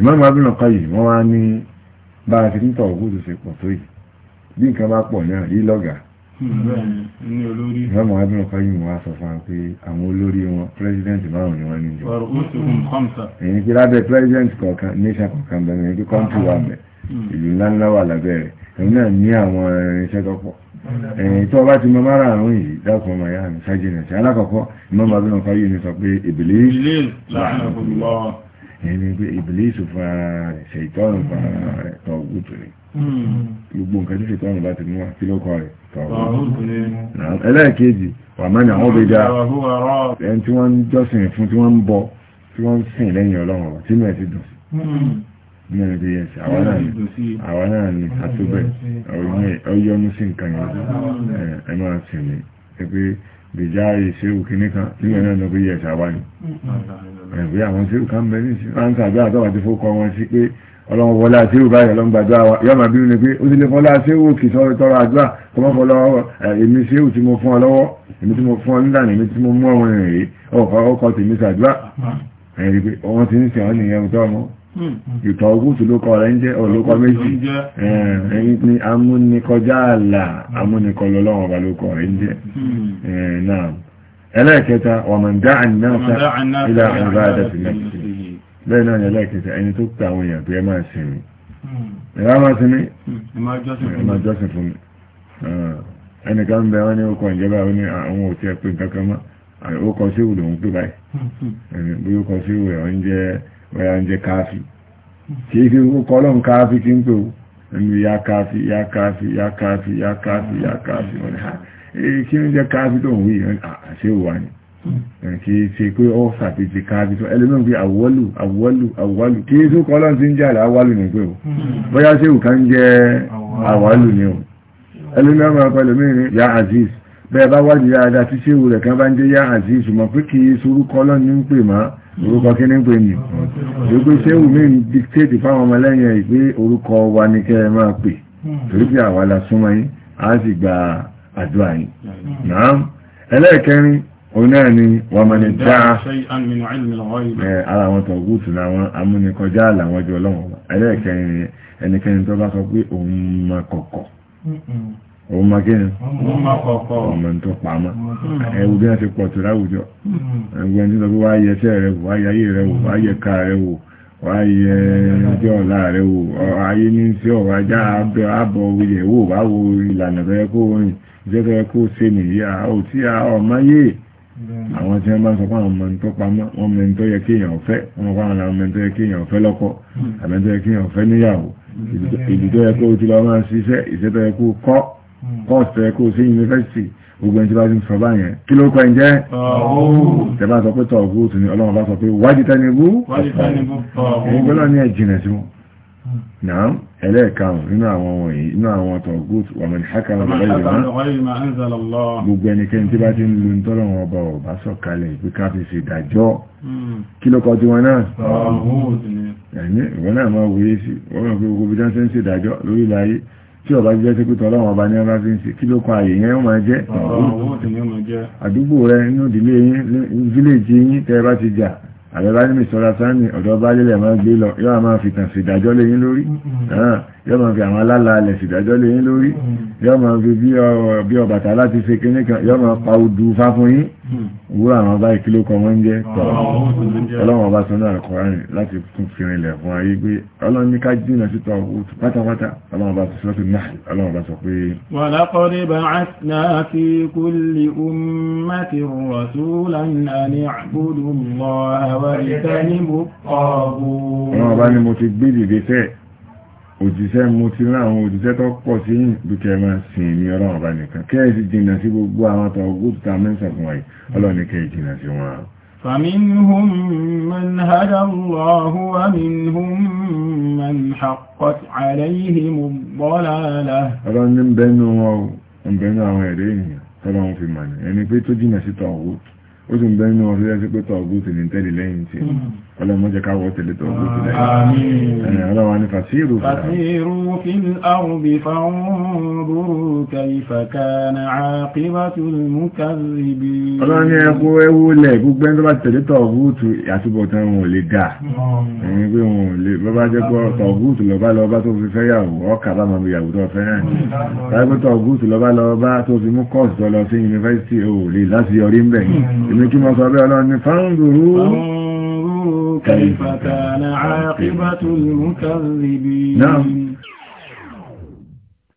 Imam Ibn Qayyim wọ́n wá ní bá a ti ń tọ̀ ògùn tó ṣe pọ̀ tó yìí bí nǹkan bá pọ̀ náà yìí lọ́gàá Imam Ibn Qayyim wá sọ fún wa pé àwọn olórí wọn pírẹsidẹ́ǹtì márùn-ún ni wọ́n ní jọ èyí kí lábẹ́ pírẹsidẹ́ǹtì kọ̀ọ̀kan nation kọ̀ọ̀kan bẹ̀rẹ̀ èyí kí kọ́ńtù wà bẹ̀ mm. ìlú ńláńlá wà lábẹ́ rẹ̀ èyí náà ní àwọn irinṣẹ́ tó pọ̀ èyí tó bá ti mọ mara àrùn yìí dákun ọmọ Iblis ẹni pé ìbìlísù fara rẹ̀ ṣètọ́nù fara rẹ̀ tọ̀gùtù ni hmm. gbogbo nǹkan tí ṣètọ́nù bá ti mú wá kí ló kọ rẹ̀ tọ̀gùtù ni ẹlẹ́ẹ̀kejì wà mẹ́ni àwọn òbèjà ẹni tí wọ́n ń jọ́sìn fún tí wọ́n ń bọ tí wọ́n ń sìn lẹ́yìn ọlọ́run ọ̀rọ̀ tí mẹ́ẹ̀ ti dùn mẹ́rin hmm. tó yẹn sí àwa náà ni àtúbẹ̀ ọ̀yọ́mú sí nǹkan yẹn ẹ máa sìn ní pé bìjáàrí ṣéwù kìíní kan nígbà náà lọ bí ṣàwá ni ẹ̀bí àwọn ṣéwù kan bẹ ní ṣe wọ́n tàbí àtọ́wà ti fókọ wọn sí pé ọlọ́run wọlé àṣéwù báyìí ọlọ́run gbàdúrà wa yọ́ màá bínú ni pé ó ti lè fọ́lá àṣéwù kì tọrọ àdúrà kọ́ mọ́ fọ́lọ́ èmi ṣéwù tí mo fún ọ lọ́wọ́ èmi tí mo fún ọ nílànà èmi tí mo mú àwọn èèyàn rèé ọkọ̀ tèmi ṣàdúrà ẹ̀rí pé wọ́n ti ń ṣe àwọn tó ọmọ Hmm. ìtàn ogún tó ló kọ rẹ̀ ń jẹ́ olókọ méjì eh, ẹ̀yìn ni amúnikọjá àlà amúnikọlọ lọ́wọ́ ọba ló kọ rẹ̀ ń jẹ́ hmm. eh, náà ẹlẹ́ẹ̀kẹta wàmọ̀dá ànínáà ilá ọ̀rọ̀ àdàtìlẹ́sì bẹ́ẹ̀ náà ni ẹlẹ́ẹ̀kẹta ẹni tó pẹ àwọn èèyàn pé ẹ máa sinmi hmm. ẹ̀rá máa sinmi ẹ máa jọ́sìn fún mi eh, ẹnìkan bẹ wọn ní ó kọ ìjọba a kọ sí òwò don pé báyìí bí ó kọ sí òwò ẹ̀wọ̀n jẹ́ ọ̀yà jẹ́ fi ó ya kafi ya kafi ya kafi ya ya ha kí ń jẹ́ káfí tó ń wí ah, àṣẹ ni kì í ṣe pé ó ṣàfihàn káfí tó ẹlẹ́mọ̀ pé àwọ́lù àwọ́lù awolu kì í tó kọ́ lọ́n ti ń jà láwọ́lù ní pé ó bóyá ṣe òkà ń jẹ́ àwọ́lù ni ya aziz bẹ́ẹ̀bá wájú dáadáa tí ṣéwò rẹ̀ kan bá ń jẹ́ yá àti ìṣùmọ̀ pé kìí sorúkọ lọ́nà ń pè má orúkọ kí ní pè ní ìgbé ṣéwò mí ń dictate fáwọn ọmọlẹ́yìn ẹ̀ pé orúkọ wa ní kẹ́ ẹ máa pè torí pé àwa la súnmọ́ yín á sì gba àdúrà yín náà ẹlẹ́ẹ̀kẹrin òun náà ni wọ́n mọ̀ ní dá ara wọn tó gúúsù láwọn amúnikọjá làwọn jọ ọlọ́wọ́n ẹlẹ́ẹ̀kẹrin ẹnikẹ́ni tó bá sọ pé òun mọ kọ̀kọ̀ òun ma kí ni ọmọ tó pàmọ́ hmm. ẹwù bí wọ́n ti pọ̀ tó láwùjọ hmm. ẹgbẹ́ ní sọ pé wá yẹ iṣẹ́ rẹ wò wá yẹ ayé rẹ wò wá yẹ ká rẹ wò wá yẹ ọjọ́ ọ̀la rẹ wò ayé ní sí ọ̀wá já àbọ̀ ilẹ̀ wò wá wo ìlànà bẹ́ẹ̀ kó rìn iṣẹ́ bẹ́ẹ̀ kó ṣe nìyí àwọn tí a ọmọ yé hmm. àwọn tí wọ́n bá sọ fáwọn ọmọ tó pamọ́ wọn mẹ́ni tó yẹ kéèyàn ọ̀fẹ́ wọn fáwọn àwọn mẹ́ni tó yẹ kéèyàn ọ̀fẹ́ lọ́kọ àmẹ́ni tó yẹ kéèyàn ọ̀fẹ́ níyàwó ìlú yẹ kó ti lọ máa ṣiṣẹ́ ìṣẹ́ yẹ kó kọ́ Hmm. ọ̀sẹ̀ kó sí yunifásitì gbogbo ẹni tí bá ti ń sọ báyẹn kí ló kọ ẹ jẹ́ tẹ̀bá sọ pé tọ̀ọ̀gù tó ní ọlọ́run bá sọ pé wájú tẹ́nibú ẹ̀yìn gbọ́dọ̀ ní ẹ̀jìnà sí wọn hmm. náà ẹlẹ́ẹ̀karùn nínú àwọn ohun èyí inú àwọn tọ̀ọ̀gù wà mọ̀ ní hákàrà bàbá ìlú wọn gbogbo ẹnikẹ́ni tí bá ti ń lu tọ́lọ́run ọba ọba sọ̀kalẹ̀ pé ká fi ṣe hmm. wọ́n tí ọba jẹ́ sí pé tọ́lọ́wọ́ ọba ní ọba fi ń ṣe kí ló kọ àyè yẹn máa jẹ́ àdúgbò rẹ inú ìdílé yín fíléèjì yín tẹ́ bá ti jà àbẹ̀bá ní mr sani ọ̀dọ́ bá lélẹ̀ máa gbé lọ yóò máa fìtàn sí ìdájọ́ lé yín lórí yọ́ ma fi àwọn alálàálẹ̀ ṣìdájọ́ lè yín lórí yọ́ ma fi bí ọbàtà láti ṣe kíní kan yọ́ ma pa odù fáfún yín wúrà àwọn bá ìkílò kan wọ́n ń jẹ́ tọ̀ ọlọ́run ọba sọ náà láti tún fi rinlẹ̀ fún ayé pé ọlọ́run ní ká jìnà sí tọ̀ òtù pátápátá ọlọ́run ọba sọ sí náà ọlọ́run ọba sọ pé. ولقد بعثنا في كل أمة رسولا أن اعبدوا الله واجتنبوا الطاغوت. ọlọ́run ọba ni mo ti gbé dìde sẹ́ẹ̀ òjíṣẹ́ mo ti rán àwọn òjíṣẹ́ tó pọ̀ sí dúkẹ́ máa sìn ní ọlọ́run ọba nìkan kẹ́ẹ̀ sì jìnnà sí gbogbo àwọn tó góòtù tá a mẹ́sàn fún wáyé ọlọ́run ní kẹ́ẹ̀ jìnnà sí wọn. فمنهم من هدى الله ومنهم من حقت عليهم الضلالة ọlọ́run ní ń bẹ́nu àwọn ẹ̀rẹ́ ènìyàn tọ́lọ́run fi mọ̀ ní ẹni pé tó jìnnà sí tọ̀wọ́tù ó sì ń bẹ́ nínú ọ̀rẹ́ sí pé tọ̀ọ̀gùtù ní tẹ́lẹ̀ lẹ́yìn tí hmm. ọlọ́mọ́jẹ́ káwọ́ tẹ̀lé tọ̀ọ̀gùtù lẹ́yìn ọlọ́wà ní fàṣírù fil ardi fanzuru kayfa kana aqibatul mukazzibin ọlọ́run ní ẹkú ẹwú lẹ̀ gbogbo ẹni tó bá ló bá jẹ́ pọ́ tọ̀gúùtù lọ bá lọ bá tó fi fẹ́ yàwó ọkà bá mọ̀ ìyàwó tó fẹ́ hàn tàbí tọ̀gúùtù lọ bá lọ bá tó fi mú kọ́ọ̀sì tó lọ sí yunifásitì ò láti yọrí ń bẹ̀ èmi kí mo sọ bẹ́ẹ̀ ọlọ́run ní fáńdùrú kẹfàtà náà àkíbàtù mùkàzìbì